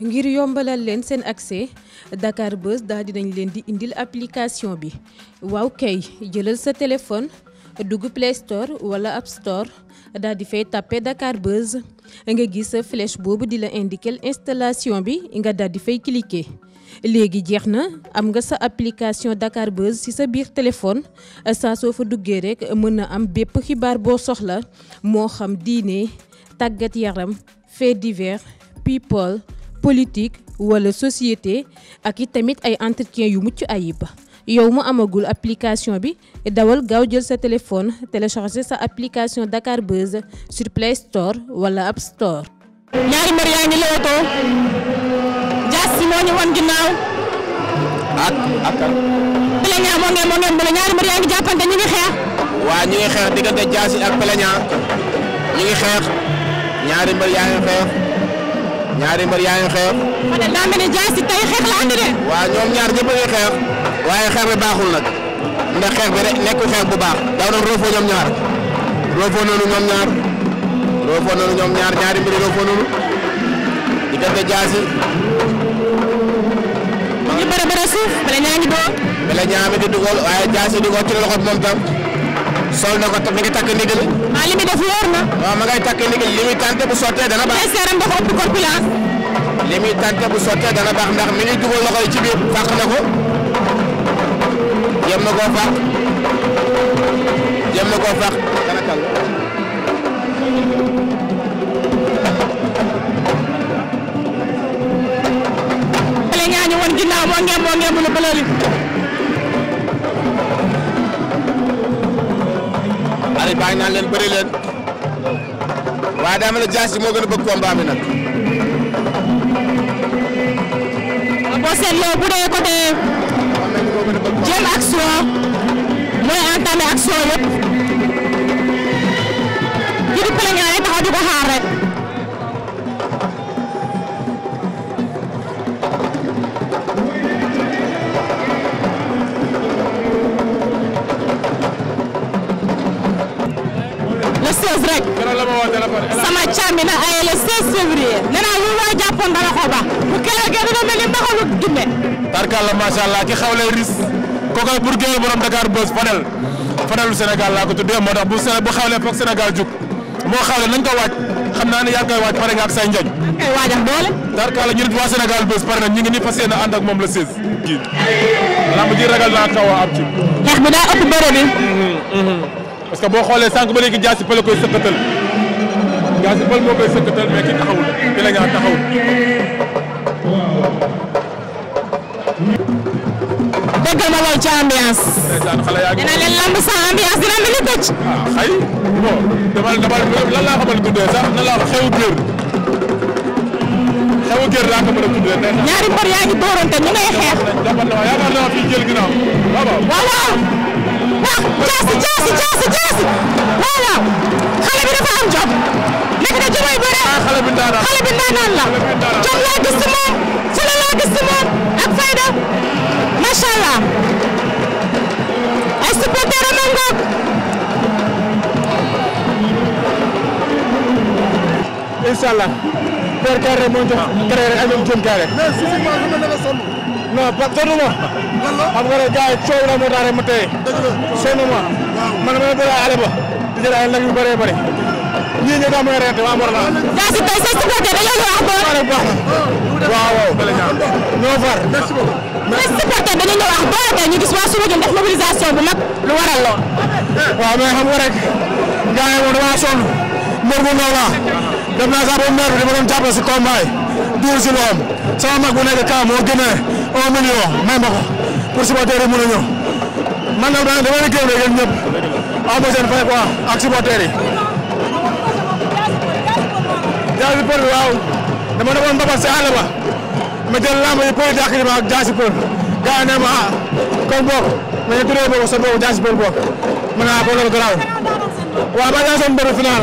ngir yombalal leen seen accès Dakar Buzz di dinañ leen di indil application bi waaw kay jëlal sa téléphone dugg Play Store wala App Store daal di fay tapé Dakar Buzz nga gis sa flèche boobu di la indiquer installation bi nga dal di fay cliquer. léegi jeex na am nga sa application Dakar Buzz ci sa biir téléphone saa soo fa duggee rekk mën a am bépp xibaar boo soxla moo xam diine tàggat yaram fait divers people politique wala société ak it tamit ay entretien yu mucc ayib yow mu amagul application bi dawal gaaw jël sa téléphone télécharger sa application Dakar Buzz sur Play Store wala App Store. ñaari mbër yaa ngi leewtoo jaas si moo ñu wan ginnaaw. ak ak. Pelleña moo ngeen moo ngeen bële ñaari mbër yaa ngi jàppante ñu ngi xeex. waa ñu ngi xeex diggante jaas yi ak Pelleña ñu ngi xeex ñaari mbër yaa ngi xeex. ñaari mbër yaa ngi xeex. ma ne daa ñaar ñëpp ngi xeex. waaye xeex bi baaxul nag. ndax xeex bi rek nekkul xeex bu baax. daw na roofoo ñoom ñaar. roofoo noonu ñoom ñaar. roofoo noonu ñoom ñaar ñaari mbir yi roofoo noonu. diggante jaay si. ñu bëre bëre suuf bala ñaa ngi doon. bala ñaa di dugal waaye jaay si di ko ci loxo moom sol na ko te mi ngi takk ndigal. ah li muy def wóor na. ma ngay takk ndigal li muy tànte bu sottee dana baax. seeram dafa ëpp corpulence. li muy tànte bu sottee dana baax ndax mi ngi dugal loxo yi ci biir fàq na ko jëm na koo fàq jëm na koo fàq dana kal xale ñaa ñu woon xale bàyyi naan leen bëri leen waaye daa mel ne Dia Sy moo gën a bëgg combat bi nag. boo seetloo bu dee côté jël action mooy entamé action yëpp. jëriñ fële nga ne taxaw di ko xaar rek. bës rek. sama càmmi na ay le 16 février. nee naa lu waay jàppoon dana ko ba. bu keroog gerte dama ni mbaxalu dundee. tarkalla macha allah ki xawle ris kooku ay burgee borom Dakar bës Fadel Fadelu Sénégal laa ko tuddee moo bu xawle foog Sénégal jug moo xawle nañ ko waaj xam naa ne yaa ngi waaj pare nga ak say njoñ. yaa ngi koy waajal waa Sénégal bës pare na ñu ngi nii fas yéene ànd ak moom le 16. lamb ji ragal naa kaw a am ci. xeex bi daa ëpp parce que boo xoolee sànq ba léegi jaasi jaasi pël moo koy sëkkatal mais ki taxawul ki la nga taxawul. dëgg ma lool ci ambiance. dina leen ah, lamb laa ko mën a tuddee sax nan laa ko xewu gér yaa ngi dóorante ñu ngay xeex. yaakaar naa fi jël ginnaaw waaw waaw. jaasi jaasi jaasi jaasi voilà xale bi dafa am jom nekk na jomay bëre ah, xale bi ndaanaan la jom laa gis ci moom fula laa gis ci moom ak fayda macha allah ay supporter am ngoog incha allah. père Kairé moo jox Kairé ak ñoom Diome Kairé. mais non ba sonuma. lan la xam nga ne gars yi coow la moo tax rek ma téye. dëgg la sonuma. waaw man ma bëri ale ba. di jël ay lag yu bëree bëri. ñii ñu daa mën a rente waa Mor la. yaa si tey sa supporter dañoo ñu wax boor. waaw waaw waaw. ñoo far. merci beaucoup. sa supporter dañu ñu wax boor tey ñu gis waa suba def mobilisation bu mag lu waral lool. waaw mais xam nga rek. gars yi moom damaa sonn. mbir bu ndaw laa. def naa sax ba maire bi dama doon jàppale si combat yi. duur si loxoom. sama mag bu nekk kaa moo gënee. un million may ma ko pour supporters yi mën a ñëw man nag dama leen gërëm rek yéen ñëpp aw ma seen fay quoi ak supporters yi. jaasi pël waaw dama demoon mbapat si àll ba ma jël lamb yi pël jàkk ma ak jaasi pël gaa ne ma ah kon boog ma ñu tuddee boobu sa boobu jaasi pël boog ma ne ah kon loolu garaaw waaw ba daa soon bëri final.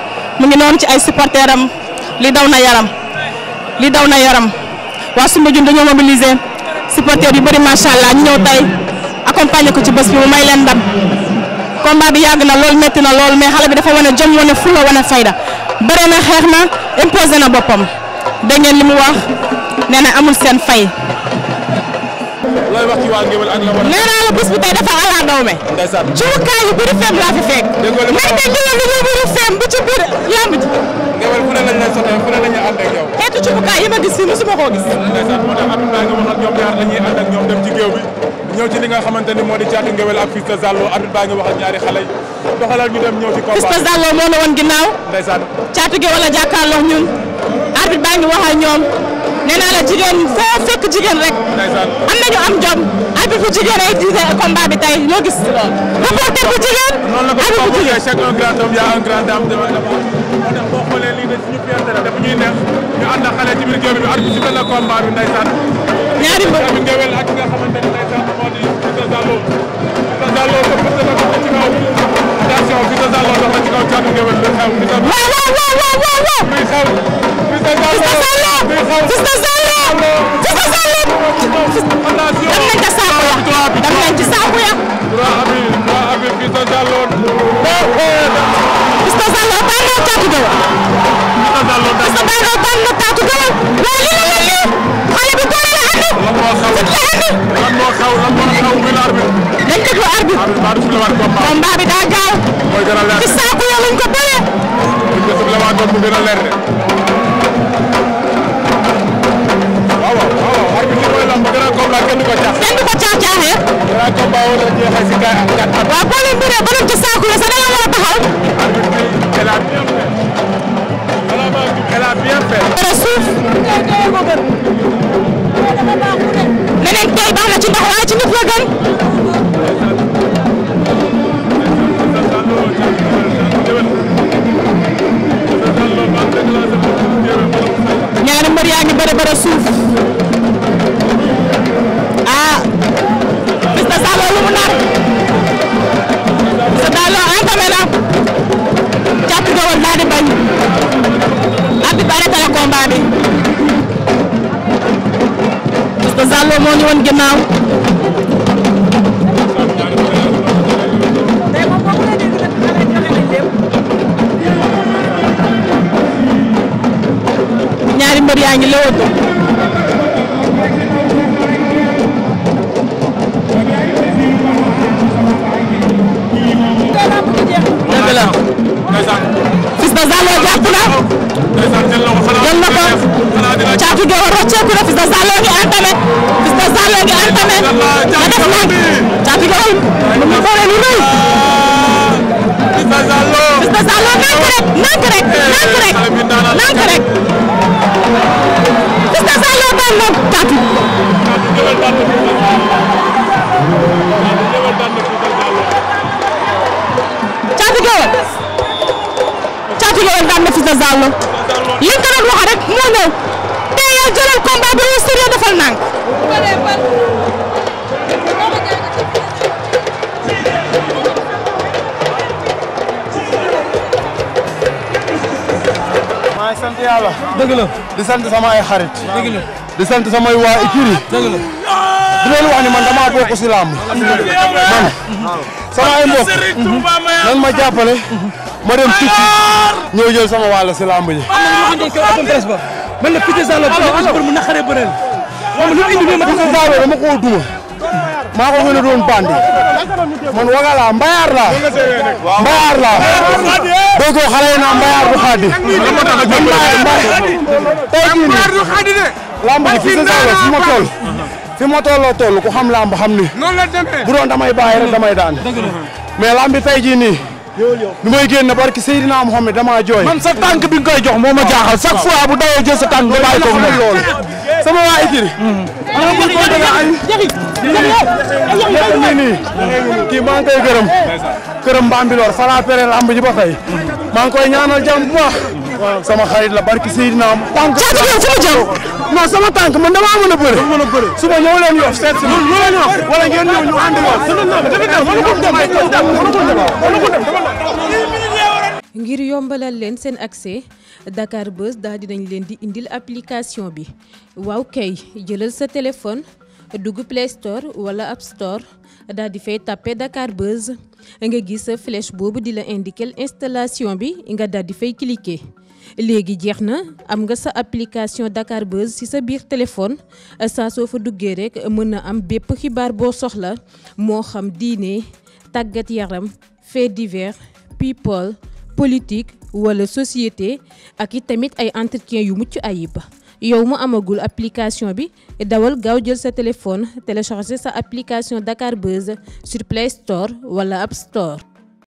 mu ngi noonu ci ay supporteram li daw na yaram li daw na yaram waa Soumbédioune dañoo mobiliser supporters yu bëri macha allah ñu ñëw tey accompagner ko ci bés bi mu may leen ndam combat bi yàgg na lool métti na lool mais xale bi dafa wane jom wane fulla wane fayda bëre na xeex na imposé na boppam dégg ngeen li mu wax nee na amul seen fay. looy wax ci waa Ngéwél ak la war a. nee naa la bés bi tey dafa ala ndaw me. ndeysaan jurukaay yu bëri fem laa fi fekk. dëgg la may lu ñu bëri fem bu ci biir lamb ji. nga waxoon ñoom ñaar ñoom dem ci géew bi ñëw ci li nga xamante ni moo di caatu Ngéwél ak Fils de Zallo Abdoulaye baa ngi wax ak ñaari xale yi doxalal ñu dem ñëw ci combat Fils de la woon ginnaaw. a ñun arbitre baa ngi wax ñoom nee naa la jigéen foo fekk jigéen rek am nañu am jom abi bu jigéen ay disé combat bi tay ñoo gis reporter bu jigéen abi bu jigéen chaque grand homme y a un grand dame dama la boo xoolee lii de suñu fier dara dafa ñuy neex ñu ànd ak xale ci biir géew bi arbi ci benn combat bi ndeysaan ñaari mbër bi ngewel ak nga xamante ne ndeysaan moo di Fils Zalo Fils Zalo ko ko ko ci kaw attention Fils Zalo dox na ci kaw caatu ngewel bi xew waaw waaw waaw waaw waaw Fista Sall Fista Sall dem nañ ca saako ya dem nañ ci saako ya. Fista Sall bàyyi naa taatu gawal. Fista Sall bàyyi naa taatu gawal waaye lii la lii xale bi góor la andi fit la andi. dañ ko jox arbitre combat bi daa gaaw ci saako ya lañ ko bëree. combat kenn du ko caax kenn du ko caax caaxee. grand combat wala jeexal si kaay ak kat. waaw boo leen bëree ba dem ci saako la sax da nga war a taxaw. elle a bien fait. elle a bien fait. dara suuf. leneen tey baax na ci ndox waaye ci nit la gën. ñaari mbër yaa ngi bëri bëri suuf. jàpp ko woon daa di bañ arbitre la combat bi parce que Fils de Zale jàpp na jël na ko caatu door rocceeku na Fils de Zale ngi entamé Fils de Zale ngi entamé nga def nag caatu door lu mu boole lu rëy Fils de Zale nank rek nank rek nank rek nank rek Fils de Zale daan na caatu Matar Diallo li nga doon wax rek moo ñëw te yow jëlal combat bi au sérieux defal nang maa ngi sant yàlla. dëgg la di sant sama ay xarit. dëgg la di sant samay waa écurie. dëgg la di leen wax ni man damaa bokk si làmb man sama ay mbokk nan ma jàppale. Mhm. moo dem tukki ñëw jël sama wàll si làmb ji. am na ñu ko open press ba. man la Fils de Zale Lo mu naqaree bëreel. moom ma Lo dama koo duma. maa ko gën a doon bandi. man waga mbayaar laa. mbayaar laa. doo ko mbayaar du xaadi. mbayaar du ji Fils de Zale fi ma toll. fi ma tolloo toll ku xam làmb xam ni. bu doon damay bàyyi rek damay daan. mais làmb bi nu may génn barki Seydina Mohamed damaa jooy. man sa tànk bi nga koy jox moo ma jaaxal chaque fois bu dawee sa tànk nga bàyyi ko moom loolu. sama waa Ikiri. ay. yéen kii maa ngi koy gërëm. kërëm Bambilor fa laa pere lamb ji ba tey. maa ngi koy sama xarit la barki Seydina am. tànk caati bi fu sama tànk man damaa mën a bëre. dama mën ñëw leen yof seet ngeen ñëw ñu ànd yoon. ngir yombalal leen seen accès Dakar Buzz daal dinañ leen di indil application bi waaw kay jëlal sa téléphone dugg Play Store wala App Store daal di fay tapé Dakar Buzz nga gis flèche boobu di la indiquer installation bi nga daal di fay cliquer. léegi jeex na am nga sa application Dakar Buzz ci sa biir téléphone saa soo fa duggee rek mën na am bépp xibaar boo soxla moo xam diine tàggat yaram fait divers people politique wala société ak it tamit ay entretiens yu mucc ayib. yow mu amagul application bi dawal gaaw jël sa téléphone télécharger sa application Dakar Buzz sur Play Store wala App Store.